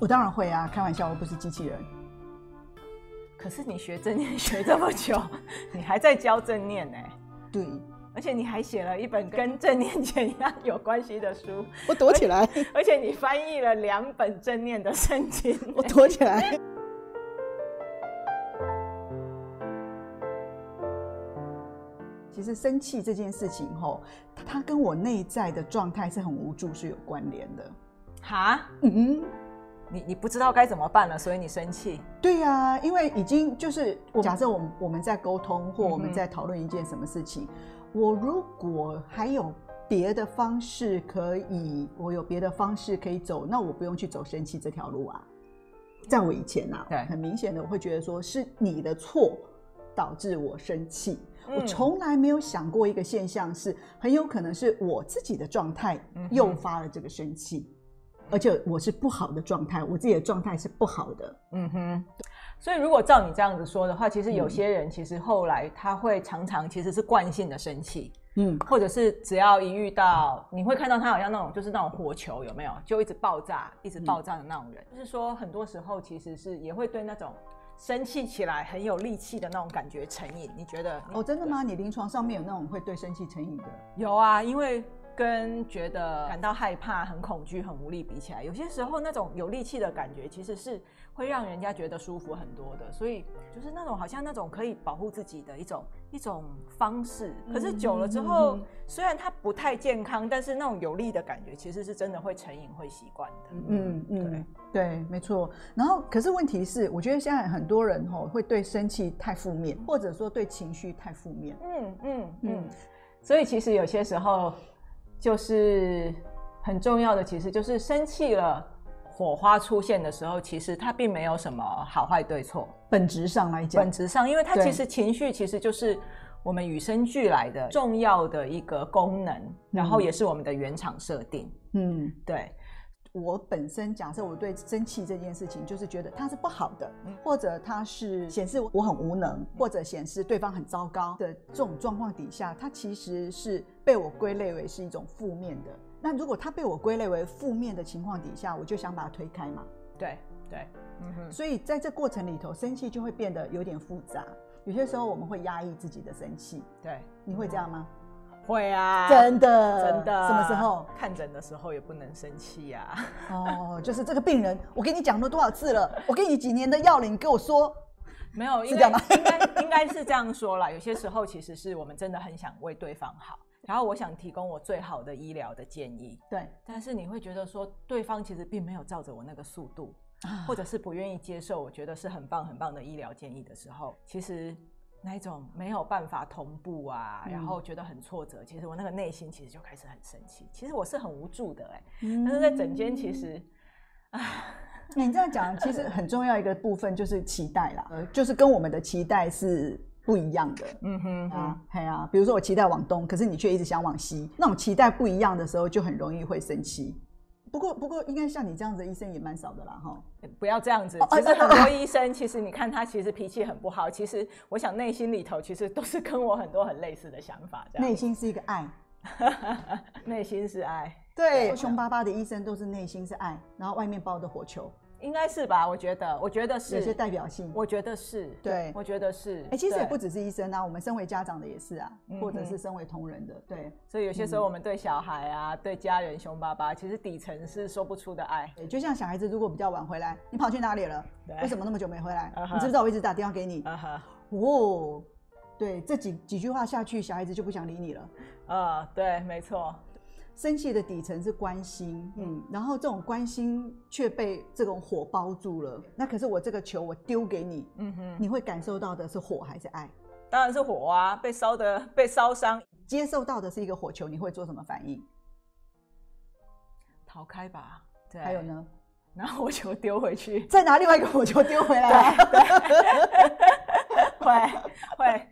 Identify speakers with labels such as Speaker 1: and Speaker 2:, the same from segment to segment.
Speaker 1: 我當然會啊，
Speaker 2: 開玩笑，我不是機器人。
Speaker 1: 可是你學正念學這麼久， 你還在教正念呢？欸？對，而且你還寫了一本跟正念姐一樣有關係的書。我躲起來而。而且你翻譯了兩本正念的聖經，
Speaker 2: 欸。我躲起來。 其實生氣這件事情，哦，吼，它跟我內在的狀態是很無助，是有關聯的。哈？嗯。你你不
Speaker 1: 知道該怎麼辦了，所以你生氣。
Speaker 2: 對呀、啊，因為已經就是我們我假設我們我們在溝通或我們在討論一件什麼事情，嗯、哼我如果還有別的方式可以，我有別的方式可以走，那我不用去走生氣這條路啊。在我以前啊，對很明顯的我會覺得說是你的錯導致我生氣，嗯、我從來沒有想過一個現象是很有可能是我自己的狀態誘發了這個生氣。嗯而且我是不好的狀態，我自己的狀態是不好的。嗯哼，
Speaker 1: 所以如果照你這樣子說的話，其實有些人其實後來他會常常其實是慣性的生氣，嗯，或者是只要一遇到，你會看到他好像那種就是那種火球有沒有，就一直爆炸一直爆炸的那種人。嗯、就是說很多時候其實是也會對那種生氣起來很有力氣的那種感覺成癮。你
Speaker 2: 覺得？哦，真的嗎？嗯、你臨床上面有那種會對生氣成癮的？有啊，因為。跟
Speaker 1: 覺得感到害怕、很恐懼、很無力比起來，有些時候那種有力氣的感覺，其實是會讓人家覺得舒服很多的。所以就是那種好像那種可以保護自己的一種一種方式。可是久了之後，雖然它不太健康，但是那種有力的感覺，其實是真的會成癮、會習慣的嗯。
Speaker 2: 嗯嗯，對對，沒錯。然後可是問題是，我覺得現在很多人吼會對生氣太負面，或者說對情緒太負
Speaker 1: 面嗯。嗯嗯嗯。所以其實有些時候。就是很重要的，其實就是生氣了，火花出現的時候，其實它並沒有什麼好壞對錯。
Speaker 2: 本質上來講，本質
Speaker 1: 上，因為它其實情緒其實就是我們與生俱來的重要的一個功能，然後也是我們的原
Speaker 2: 廠設定。嗯，對。我本身假設我對生氣這件事情，就是覺得它是不好的，或者它是顯示我很無能，或者顯示對方很糟糕的這種狀況底下，它其實是被我歸類為是一種負面的。那如果它被我歸類為負面的情況底下，我就想把它推開嘛。對對，嗯哼。所以在這過程裡頭，生氣就會變得有點複雜。有些時候我們會壓抑自己的生氣，對，你會這樣嗎？嗯會啊，真的，真的，什麼時候？
Speaker 1: 看診的時候也不能生氣呀、啊。
Speaker 2: 哦，就是這個病人，我給你講了多少次了？我給你幾年的藥了，你給我說，
Speaker 1: 沒有，應該，應該，應該是這樣說啦。 有些時候，其實是我們真的很想為對方好，然後我想提供我最好的醫療的建議，對。但是你會覺得說，對方其實並沒有照着我那個速度，啊、或者是不願意接受，我覺得是很棒很棒的醫療建議的時候，其實。那種沒有辦法同步啊，然後覺得很挫折。其實我那個內心其實就開始很生氣。其實我是很無助的哎、欸，
Speaker 2: 嗯、但是在整間其實、嗯啊欸，你這樣講，其實很重要一個部分就是期待啦，嗯、就是跟我們的期待是不一樣的。嗯哼，哼啊，對啊。比如說我期待往東，可是你卻一直想往西，那種期待不一樣的時候，就很容易會生氣。不過，不過應該像你這樣子的醫生也蠻少的啦，哈、欸！不要這樣子，其實很多
Speaker 1: 醫生，其實你看他其實脾氣很不好，其實我想內心裡頭其實都是跟我很多很類似的想法，這樣。內
Speaker 2: 心是一個愛，
Speaker 1: 內 心是愛，
Speaker 2: 對，兇巴巴的醫生都是內心是愛，然後外面包的火球。
Speaker 1: 應該是吧，我覺得，我覺得是有些代表性，我覺得是，對，我覺得是，哎，其實也不只
Speaker 2: 是醫生啊，我們身為家長的也是啊，或者是身為同仁的，對，所以有些時候
Speaker 1: 我們對小孩啊，對家人凶巴巴，其實底層是說不出的愛，
Speaker 2: 對，就像小孩子如果比較晚回來，你跑去哪裡了？為什麼那麼久沒回來？你知不知道我一直打電話給你？哦，對，這幾幾句話下去，小孩子就不想理你了，
Speaker 1: 啊，對，沒錯。
Speaker 2: 生氣的底層是關心，嗯，然後這種關心卻被這種火包住了。那可是我這個球我丟給你，嗯哼，你會感受到的是火還是愛？
Speaker 1: 當然是火啊！被燒的被燒傷，
Speaker 2: 接受到的是一個火球，你會做什麼反應？
Speaker 1: 逃開吧。
Speaker 2: 對，還有呢？拿火球丟回去，再拿另外一個火球丟回來。
Speaker 1: 會會！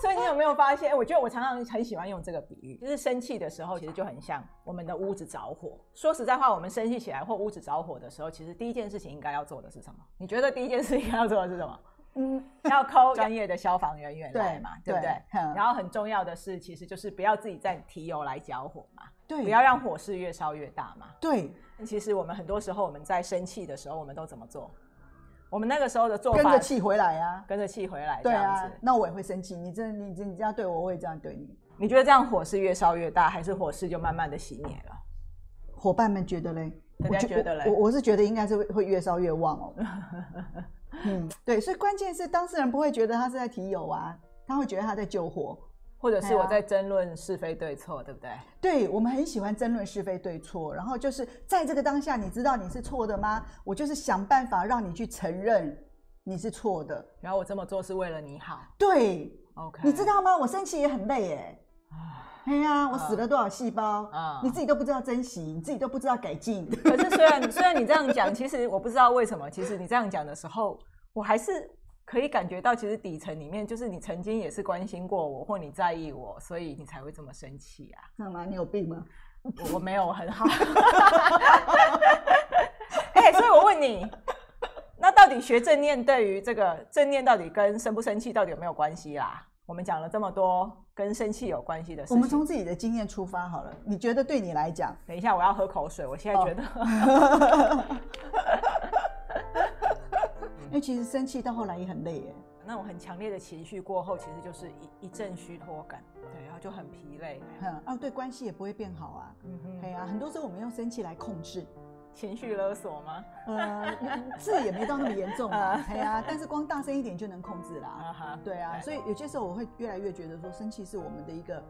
Speaker 1: 所以你有沒有發現？我覺得我常常很喜歡用這個比喻，就是生氣的時候其實就很像我們的屋子着火。說實在話，我們生氣起來或屋子着火的時候，其實第一件事情應該要做的是什麼？你覺得第一件事情應該要做的是什麼？嗯，要 call 專業的消防人員，就來嘛，對，對不對？對，然後很重要的是，其實就是不要自己再提油來澆火嘛，對，不要讓火勢越燒越大嘛。對，其實我們很多時候我們在生氣的時候，我們都怎麼做？我們那個時候的做法，跟着氣回來啊，跟着氣回來，這樣子對、
Speaker 2: 啊。那我也會生氣，你這你你你這樣對我，我也這樣對你。
Speaker 1: 你覺得這樣火勢越燒越大，還是火勢就慢慢的熄滅
Speaker 2: 了？夥伴們覺得嘞，我覺得嘞，我我是覺得應該是會越燒越旺哦、喔。 嗯，對，所以關鍵是當事人不會覺得他是在提油啊，他會覺得他在救火。或者是我在
Speaker 1: 爭論是非對錯，哎、呀對不對？
Speaker 2: 對，我們很喜歡爭論是非對錯。然後就是在這個當下，你知道你是錯的嗎？我就是想辦法讓你去承認你是錯的。
Speaker 1: 然後我這麼做是為了你好。對，OK。你
Speaker 2: 知道嗎？我生氣也很累耶。啊、哎呀，我死了多少細胞啊？你自己都不知道珍惜，你自己都不知道改進。
Speaker 1: 可是雖然雖然你這樣講，其實我不知道為什麼。其實你這樣講的時候，我還是。可以感覺到，其實底層裡面就是你曾經也是關心過我，或你在意我，所以你才會這麼生氣啊？
Speaker 2: 幹嘛？你有病嗎？
Speaker 1: 我沒有，我很好。 hey, 所以我問你，那到底學正念對於這個正念，到底跟生不生氣到底有沒有關係啦、啊？我們講了這麼多跟生氣有關係的事情，事，我們從自
Speaker 2: 己的經驗出發好了。你覺得對你來講，
Speaker 1: 等一下我要喝口水，我現在覺得。Oh.
Speaker 2: 因為其實生氣到後來也很累耶。
Speaker 1: 那種很強烈的情緒過後，其實就是
Speaker 2: 一一陣虛脫感，對、啊，然後就很疲累，嗯，哦、啊，對，關係也不會變好啊，嗯哼，對呀、啊，很多時候我們用生氣來控制，情緒勒索嗎？嗯、呃，字也沒到那麼嚴重 對啊，呀，但是光大聲一點就能控制啦，哈哈，對啊，所以有些時候我會越來越覺得說，生氣是我們的一個。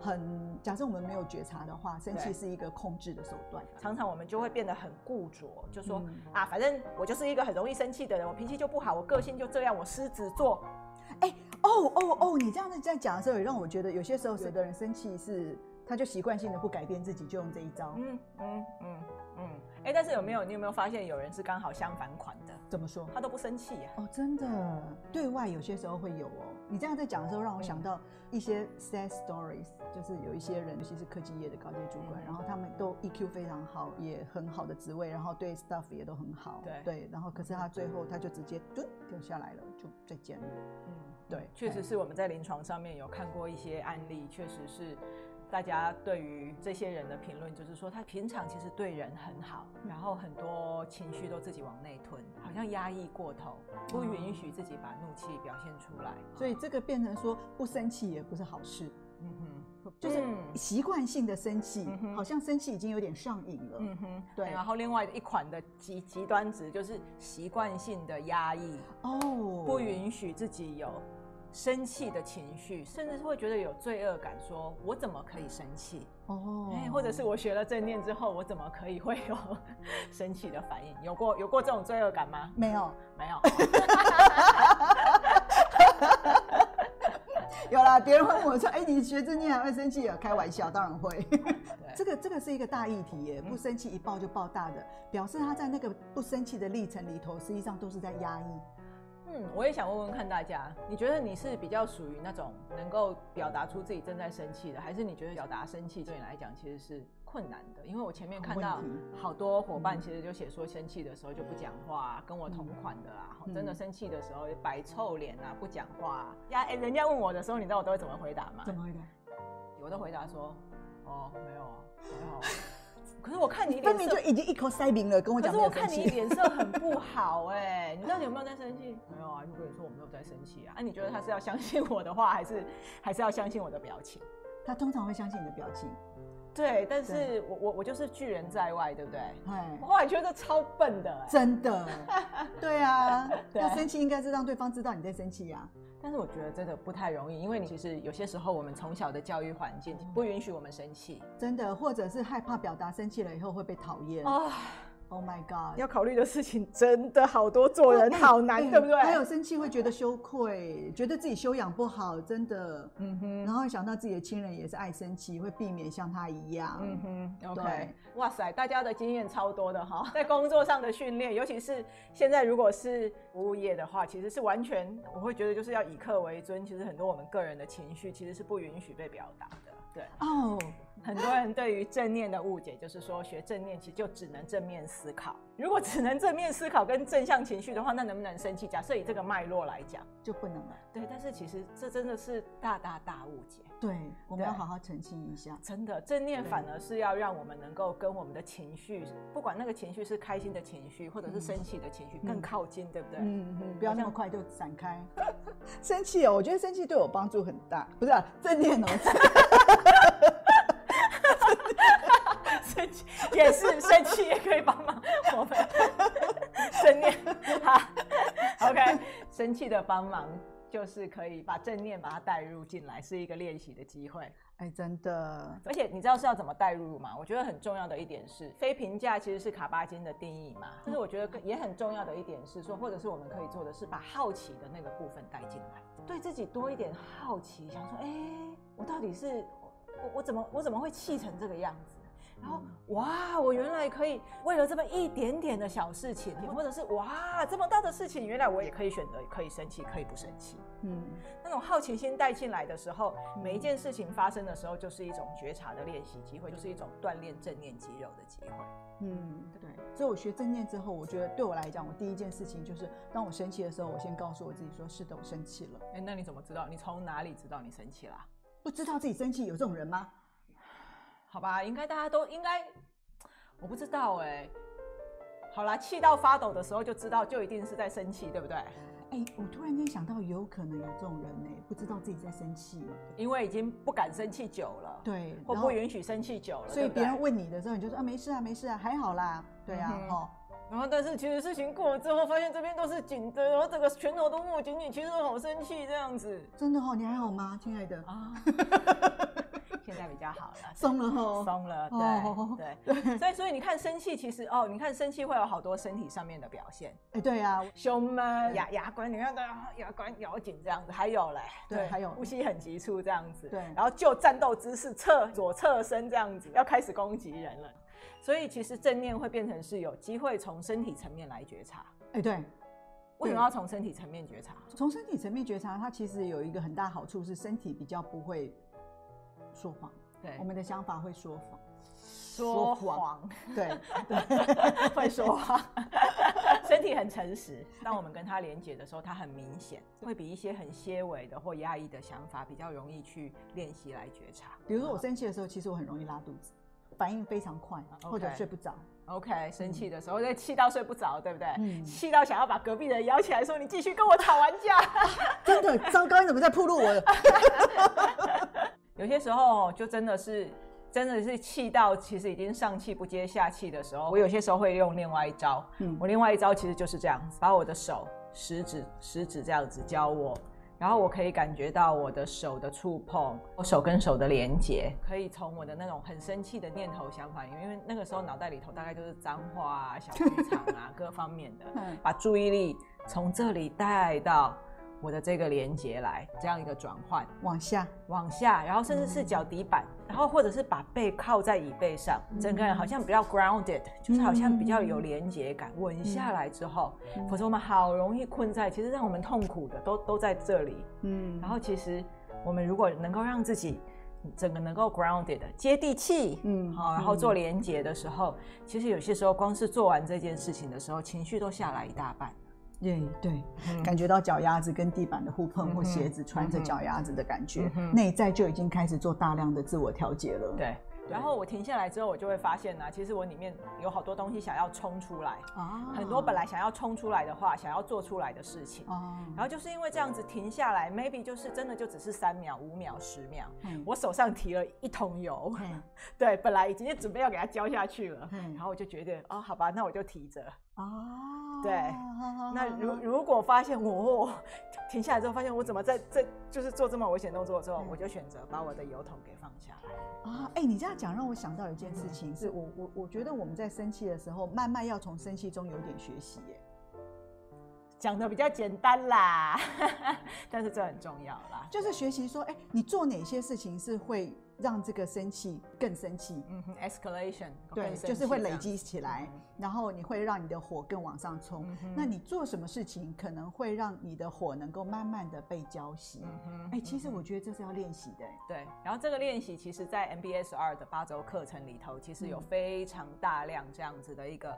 Speaker 2: 很，假設我們沒有覺察的話，生氣，是一個控制的手段、啊。常常我們就會變得很固着，就說、嗯、啊，反正我就是一個
Speaker 1: 很容易生氣的人，我脾氣就不好，我個性就這樣，我獅
Speaker 2: 子座。哎、欸，哦哦哦，你這樣子在講的時候，也讓我覺得有些時候，有的人生氣是他就習慣性的不改變自己，就用這一招。嗯嗯嗯嗯。
Speaker 1: 哎、嗯嗯嗯欸，但是有沒有，你有沒有發現有人是剛好相反款
Speaker 2: 的？怎麼說？他都不生氣呀、啊？哦，真的，對外有些時候會有哦。你這樣在講的時候，讓我想到一些 sad stories，、嗯、就是有一些人，嗯、尤其是科技業的高級主管，嗯、然後他們都 EQ 非常好，也很好的職位，然後對 staff 也都很好，對，對，然後可是他最後他就直接嘟對嘟掉下來了，就再見了。嗯，對，
Speaker 1: 確實是我們在臨床上面有看過一些案例，確實是。大家對於這些人的評論，就是說他平常其實對人很好，然後很多情緒都自己往內吞，好像壓抑過頭，不允許自己把怒氣表現出來，嗯哼，
Speaker 2: 好，所以這個變成說不生氣也不是好事，嗯哼，就是習慣性的生氣，嗯哼，好像生氣已經有點上癮了，嗯哼，對，對，然
Speaker 1: 後另外一款的極極端值就是習慣性的壓抑，哦，不允許自己有。生氣的情緒，甚至是會覺得有罪惡感，對說我怎麼可以生氣？哦對，或者是我學了正念之後，對我怎麼可以會有生氣的反應？有過有過這種罪惡感嗎？
Speaker 2: 沒有，沒有。 有啦，別人問我說：“哎、欸，你學正念還會生氣？”開玩笑，當然會。 對這個這個是一個大議題耶，不生氣一爆就爆大的，嗯、表示他在那個不生氣的歷程裡頭，實際上都是在壓抑。我也想
Speaker 1: 問問看大家，你覺得你是比較屬於那種能夠表達出自己正在生氣的，還是你覺得表達生氣對你來講其實是困難的？因為我前面看到好多伙伴其實就寫說生氣的時候就不講話、啊，嗯、跟我同款的啊，嗯、真的生氣的時候擺臭臉啊，不講話呀、啊。哎，人家問我的時候，你知道我都會怎麼回答嗎？怎麼回答？我都回答說，哦，沒有啊，還好。
Speaker 2: 可是我看你臉分明就已經一口塞明了，跟我講。可是我看你臉色很
Speaker 1: 不好哎，欸， 你到底有沒有在生氣？ 沒有啊，我跟你說我沒有在生氣啊。那、啊、你覺得他是要相信我的話，還是還是要相信我的表情？
Speaker 2: 他通常會相信你的表情。對，
Speaker 1: 但是我對我我就是拒人在外，對不對？哎對，我後來覺得超笨的、欸，
Speaker 2: 真的。對啊，要 對生氣應該是讓對方知道你在生氣呀、啊。但是我覺得真的不太容易，
Speaker 1: 因為你其實有些時候我們從小的教育環境不允許我們生氣，嗯、
Speaker 2: 真的，或者是害怕表達生氣了以後會被討厭。哦。Oh my god！要考慮的事情真的好多，做人好難，嗯、對不對、嗯？還有生氣會覺得羞愧，覺得自己修養不好，真的。嗯哼。然後想到自己的親人也是愛生氣，會避免像他一樣。嗯哼。
Speaker 1: OK。對哇塞，大家的經驗超多的哈，在工作上的訓練，尤其是現在如果是服務業的話，其實是完全我會覺得就是要以客為尊。其實很多我們個人的情緒其實是不允許被表達的。
Speaker 2: 哦，對 oh. 很多人
Speaker 1: 對於正念的誤解就是說，學正念其實就只能正面思考。如果只能正面思考跟正向情緒的話，那能不能生氣？假設以這個脈絡來講，就不能了。對，但是其實這真的是大大大誤解。
Speaker 2: 對，我們要好好澄清一下。
Speaker 1: 真的，正念反而是要讓我們能夠跟我們的情緒，對不管那個情緒是開心的情緒，或者是生氣的情緒，嗯、更靠
Speaker 2: 近，對不對？嗯嗯，嗯像不要那麼快就閃開。 生氣哦，我覺得生氣對我幫助很大，不是啊，正念哦。
Speaker 1: 生氣也是生氣，也可以幫忙我們正念。哈 ，OK，生氣的幫忙就是可以把正念把它帶入進來，是一個練習的機會。
Speaker 2: 哎、欸，真的。
Speaker 1: 而且你知道是要怎麼帶入嗎？我覺得很重要的一點是，非評價其實是卡巴金的定義嘛。但是我覺得也很重要的一點是，說或者是我們可以做的是，把好奇的那個部分帶進來，對自己多一點好奇，想說，哎、欸。我到底是，我我怎麼我怎麼會氣成這個樣子？然後哇，我原來可以為了這麼一點點的小事情，或者是哇這麼大的事情，原來我也可以選擇可以生氣，可以不生氣。嗯，那種好奇心帶進來的時候，每一件事情發生的時候，就是一種覺察的練習機會，就是一種鍛煉正念肌肉的機會。嗯，
Speaker 2: 對。所以我學正念之後，我覺得對我來講，我第一件事情就是，當我生氣的時候，我先告訴我自己說：是的，我生氣了。
Speaker 1: 誒，那你怎麼知道？你從哪裡知道你生氣啦？
Speaker 2: 不知道自己生氣有這種人嗎？好
Speaker 1: 吧，應該大家都應該，我不知道欸。好啦，氣到發抖的時候就知道，就一定是在生氣，對不對？欸，
Speaker 2: 我突然間想到，有可能有這種人呢，不知道自己在生氣，
Speaker 1: 因為已經不敢生氣久了。對，或不允許生氣久了，然後，對不對？所以別人
Speaker 2: 問你的時候，你就說啊，沒事啊，沒事啊，還好啦。對啊，嗯哼，哦。然後，但是其實事情過了之後，發現這邊都是緊的，然後整個拳頭都握緊緊，其實都好生氣這樣子。真的哈，你還好嗎，親愛的？啊，
Speaker 1: 現在比較好了，鬆了哈，鬆了，對對。所以，所以你看生氣，其實哦，你看生氣會有好多身體上面的表現。
Speaker 2: 哎，對呀，胸悶，牙牙
Speaker 1: 關，你看都要牙關咬緊這樣子，還有嘞，對，還有呼吸很急促這樣子。對，然後就戰鬥姿勢，側左側身這樣子，要開始攻擊人了。所以其實正念會變成是有機會從身體層面來覺察。
Speaker 2: 哎，對，為什麼要從
Speaker 1: 身體層面覺察？
Speaker 2: 從身體層面覺察，它其實有一個很大好處是身體比較不會說謊。對，我們的想法會說謊。說
Speaker 1: 謊？對，對，會說謊。 身體很誠實。當我們跟它連結的時候，它很明顯，會比一些很些微的或壓抑的想法比較容易去練習來覺察。
Speaker 2: 嗯、比如說我生氣的時候，其實我很容易拉肚子。反應非常快，Okay. 或者睡不着。
Speaker 1: OK，生氣的時候，嗯、我在氣到睡不着，對不對？氣、嗯、到想要把隔壁的人搖起來說，說你繼續跟我吵完架。
Speaker 2: 真的，糟糕，你怎麼在暴露我？
Speaker 1: 有些時候就真的是，真的是氣到其實已經上氣不接下氣的時候，我有些時候會用另外一招。嗯，我另外一招其實就是這樣子，把我的手食指、食指這樣子教我。然後我可以感覺到我的手的觸碰，我手跟手的連接，可以從我的那種很生氣的念頭想法，因為那個時候腦袋裡頭大概就是髒話啊、小劇場啊 各方面的，把注意力從這裡帶到。我的這個連接來這樣一個轉換，
Speaker 2: 往下，
Speaker 1: 往下，然後甚至是腳底板，然後或者是把背靠在椅背上，整個人好像比較 grounded，就是好像比較有連接感，穩下來之後，否則我們好容易困在，其實讓我們痛苦的都都在這裡，嗯，然後其實我們如果能夠讓自己整個能夠 grounded，接地氣，
Speaker 2: 嗯，好，然後做
Speaker 1: 連接的時候，其實有些時候光是做完這件事情的時候，情緒都下來一大半。
Speaker 2: 對、yeah, 對，嗯、感覺到腳丫子跟地板的互碰，或鞋子穿着腳丫子的感覺，嗯嗯、內在就已經開始做大量的自我調節了。對。
Speaker 1: 然後我停下來之後，我就會發現呢，其實我裡面有好多東西想要衝出來，很多本來想要衝出來的話，想要做出來的事情。然後就是因為這樣子停下來，maybe 就是真的就只是三秒、五秒、十秒，我手上提了一桶油，對，本來已經準備要給它澆下去了，然後我就覺得哦，好吧，那我就提着哦，對，那如如果發現我。停下來之後，發現我怎麼在在，就是做這麼危險動作的時候，我就選擇把我的油桶給放下來
Speaker 2: 啊！哎、欸，你這樣講讓我想到一件事情是，是、嗯、我我我覺得我們在生氣的時候，慢慢要從生氣中有點學習耶。講的比較簡單啦，嗯、但是這很重要啦，就是學習說，哎、欸，你做哪些事情是會。讓這個生氣更生氣，嗯哼，escalation，
Speaker 1: 對，生就是會累積
Speaker 2: 起來，嗯、然後你會讓你的火更往上衝。嗯、哼那你做什麼事情可能會讓你的火能夠慢慢的被澆熄？哎，其實我覺得這是要練習的。對，
Speaker 1: 然後這個練習其實在 MBSR 的八周課程裡頭，其實有非常大量這樣子的一個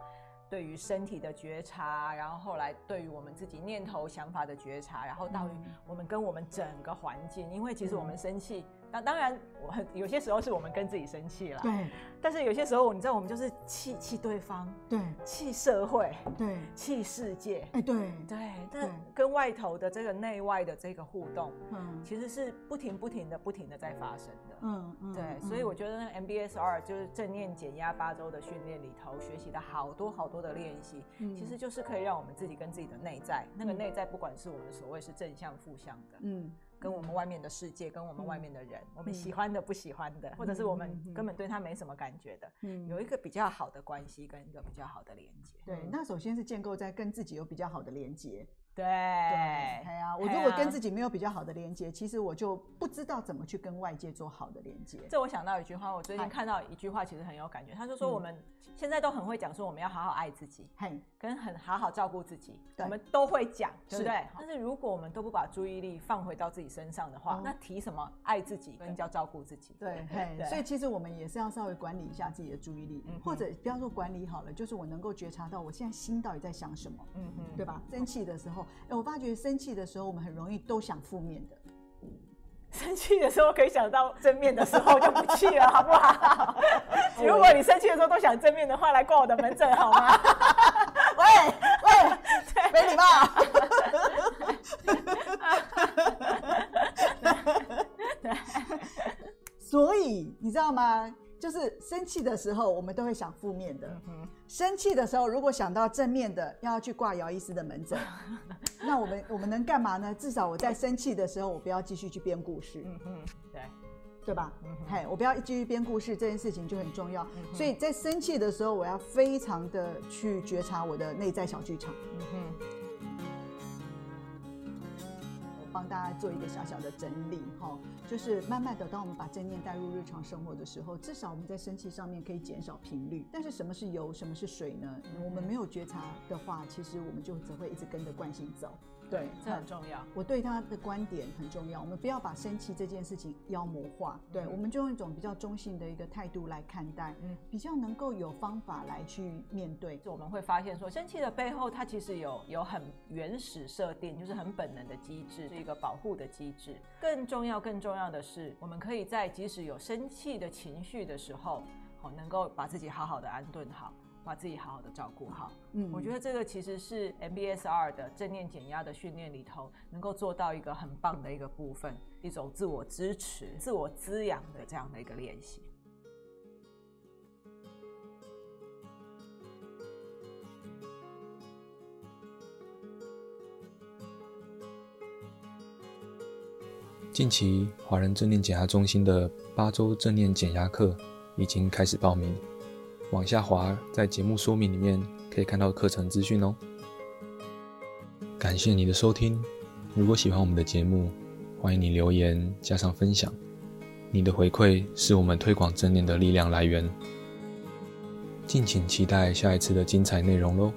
Speaker 1: 對於身體的覺察，然後後來對於我們自己念頭想法的覺察，然後到於我們跟我們整個環境，嗯、因為其實我們生氣。那當然，我很有些時候是我們跟自己生氣了，對。但是有些時候，你知道，我們就是氣氣對方，對，氣社會，
Speaker 2: 對，
Speaker 1: 氣世界，哎，對，對。但跟外頭的這個內外的這個互動，嗯，其實是不停不停的不停的在發生的，
Speaker 2: 嗯嗯。對，所以我
Speaker 1: 覺得那個 MBSR 就是正念減壓八週的訓練裡頭學習的好多好多的練習，其實就是可以讓我們自己跟自己的內在，那個內在，不管是我們所謂是正向負向的，嗯。跟我們外面的世界，跟我們外面的人，嗯、我們喜歡的、不喜歡的，或者是我們根本對他沒什麼感覺的，嗯、有一個比較好的關係，跟一個比較好的連接。嗯、對，那
Speaker 2: 首先是建構在跟自己有比較好的連接。對，對啊，我如果跟自己沒有比較好的連接，其實我就不知道怎麼去跟外界做好的連接。這我
Speaker 1: 想到一句話，我最近看到一句話，其實很有感覺。他就說我們現在都很會講說我們要好好愛自己，很跟很好好照顧自己，我們都會講，對不對？但是如果我們都不把注意力放回到自己身上的話，那提什麼愛自己跟叫照顧自己？對，所以
Speaker 2: 其實我們也是要稍微管理一下自己的注意力，或者不要說管理好了，就是我能夠覺察到我現在心到底在想什麼，嗯嗯，對吧？生氣的時候。欸、我發覺生氣的時候，我們很容易都想負面的。嗯、生氣的時候可以想到正面的時候就不氣了， 好不好？ 如果你生氣
Speaker 1: 的時候都想正面的話，來掛我的門診好嗎？喂 喂，喂對沒禮貌。
Speaker 2: 所以你知道嗎？就是生氣的時候，我們都會想負面的。生氣的時候，如果想到正面的，要去掛姚醫師的門診，那我們我們能幹嘛呢？至少我在生氣的時候，我不要繼續去編故事。嗯哼，對。對吧？嗯哼。Hey，我不要繼續編故事，這件事情就很重要。所以在生氣的時候，我要非常的去覺察我的內在小劇場。嗯哼。幫大家做一個小小的整理，哈，就是慢慢的，當我們把正念帶入日常生活的時候，至少我們在生氣上面可以減少頻率。但是什麼是油，什麼是水呢？我們沒有覺察的話，其實我們就只會一直跟着慣性走。
Speaker 1: 對，這很重要。
Speaker 2: 我對他的觀點很重要。我們不要把生氣這件事情妖魔化。嗯、對，我們就用一種比較中性的一個態度來看待，嗯，比較能夠有方法來去面對。我們
Speaker 1: 會發現說，生氣的背後，它其實有有很原始設定，就是很本能的機制，是一個保護的機制。
Speaker 2: 更重要、更
Speaker 1: 重要的是，我們可以在即使有生氣的情緒的時候，哦，能夠把自己好好的安頓好。把自己好好的照顧好。嗯，我覺得這個其實是 MBSR 的正念減壓的訓練裡頭能夠做到一個很棒的一個部分，一種自我支持、自我滋養的這樣的一個練習。嗯。
Speaker 2: 近期，華人正念減壓中心的八周正念減壓課已經開始報名。往下滑，在節目說明裡面可以看到課程資訊哦。感謝你的收聽，如果喜歡我們的節目，歡迎你留言加上分享，你的回饋是我們推廣正念的力量來源。敬請期待下一次的精彩內容嘍。